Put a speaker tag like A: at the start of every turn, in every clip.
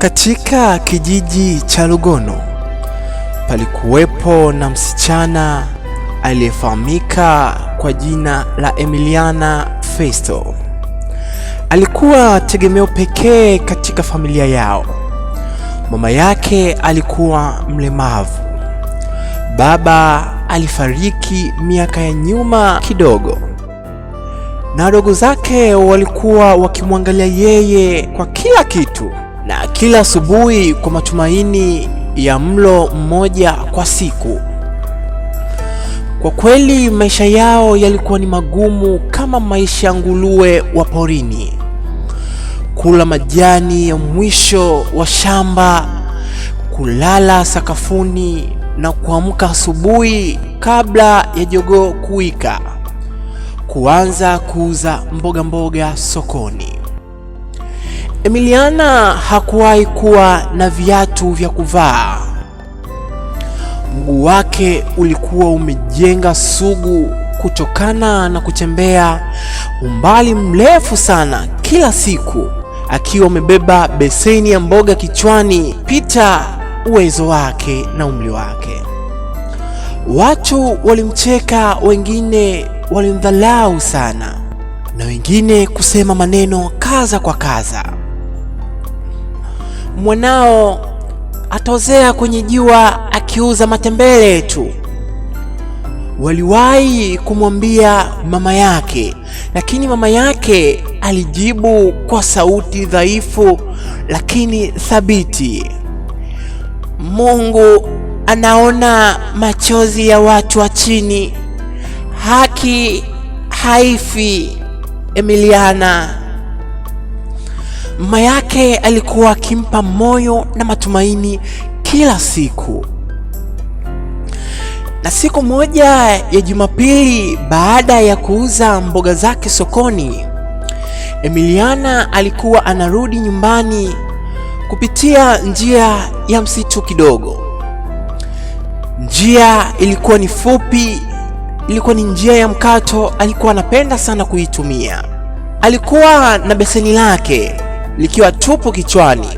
A: Katika kijiji cha Lugono palikuwepo na msichana aliyefahamika kwa jina la Emiliana Festo. Alikuwa tegemeo pekee katika familia yao. Mama yake alikuwa mlemavu. Baba alifariki miaka ya nyuma kidogo. Na wadogo zake walikuwa wakimwangalia yeye kwa kila kitu na kila asubuhi kwa matumaini ya mlo mmoja kwa siku. Kwa kweli maisha yao yalikuwa ni magumu kama maisha ya nguruwe wa porini, kula majani ya mwisho wa shamba, kulala sakafuni na kuamka asubuhi kabla ya jogoo kuwika, kuanza kuuza mboga mboga sokoni. Emiliana hakuwahi kuwa na viatu vya kuvaa. Mguu wake ulikuwa umejenga sugu kutokana na kutembea umbali mrefu sana kila siku, akiwa amebeba beseni ya mboga kichwani pita uwezo wake na umri wake. Watu walimcheka, wengine walimdhalau sana, na wengine kusema maneno kaza kwa kaza mwanao atozea kwenye jua akiuza matembele tu. Waliwahi kumwambia mama yake, lakini mama yake alijibu kwa sauti dhaifu lakini thabiti, Mungu anaona machozi ya watu wa chini, haki haifi. Emiliana Mama yake alikuwa akimpa moyo na matumaini kila siku. Na siku moja ya Jumapili, baada ya kuuza mboga zake sokoni, Emiliana alikuwa anarudi nyumbani kupitia njia ya msitu kidogo. Njia ilikuwa ni fupi, ilikuwa ni njia ya mkato. Alikuwa anapenda sana kuitumia. Alikuwa na beseni lake likiwa tupu kichwani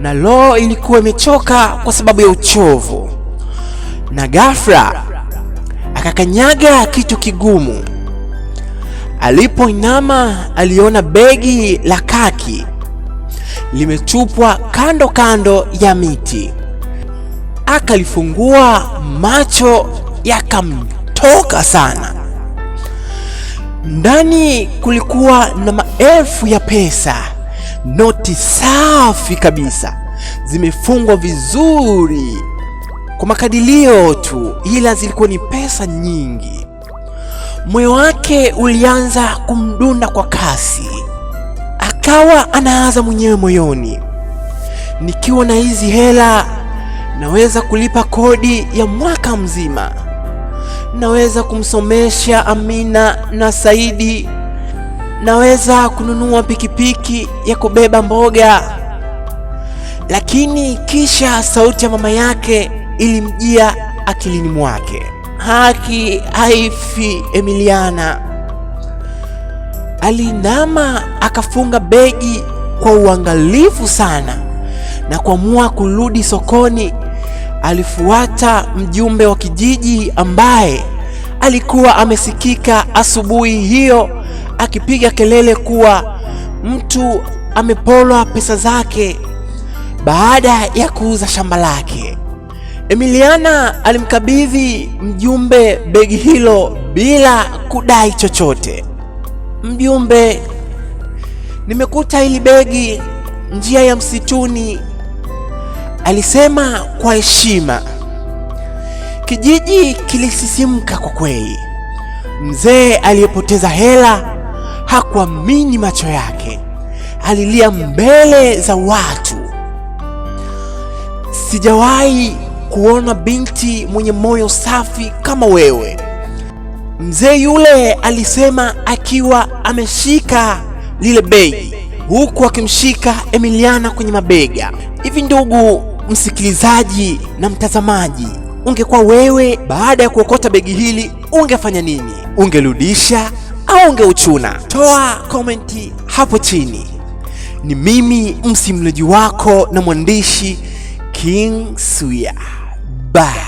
A: na Lo ilikuwa imechoka kwa sababu ya uchovu, na ghafla akakanyaga kitu kigumu. Alipoinama aliona begi la kaki limetupwa kando kando ya miti. Akalifungua, macho yakamtoka sana. Ndani kulikuwa na maelfu ya pesa noti safi kabisa zimefungwa vizuri kwa makadilio tu, ila zilikuwa ni pesa nyingi. Moyo wake ulianza kumdunda kwa kasi, akawa anaanza mwenyewe moyoni, nikiwa na hizi hela naweza kulipa kodi ya mwaka mzima, naweza kumsomesha Amina na Saidi naweza kununua pikipiki ya kubeba mboga. Lakini kisha sauti ya mama yake ilimjia akilini mwake, haki haifi Emiliana. Aliinama akafunga begi kwa uangalifu sana na kuamua kurudi sokoni. Alifuata mjumbe wa kijiji ambaye alikuwa amesikika asubuhi hiyo akipiga kelele kuwa mtu amepolwa pesa zake baada ya kuuza shamba lake. Emiliana alimkabidhi mjumbe begi hilo bila kudai chochote. Mjumbe, nimekuta hili begi njia ya msituni, alisema kwa heshima. Kijiji kilisisimka kwa kweli. Mzee aliyepoteza hela hakuamini macho yake, alilia mbele za watu. Sijawahi kuona binti mwenye moyo safi kama wewe, mzee yule alisema, akiwa ameshika lile begi huku akimshika Emiliana kwenye mabega. Hivi ndugu msikilizaji na mtazamaji, ungekuwa wewe, baada ya kuokota begi hili ungefanya nini? Ungerudisha aonge uchuna? Toa komenti hapo chini. Ni mimi msimulizi wako na mwandishi King Suya. Bye.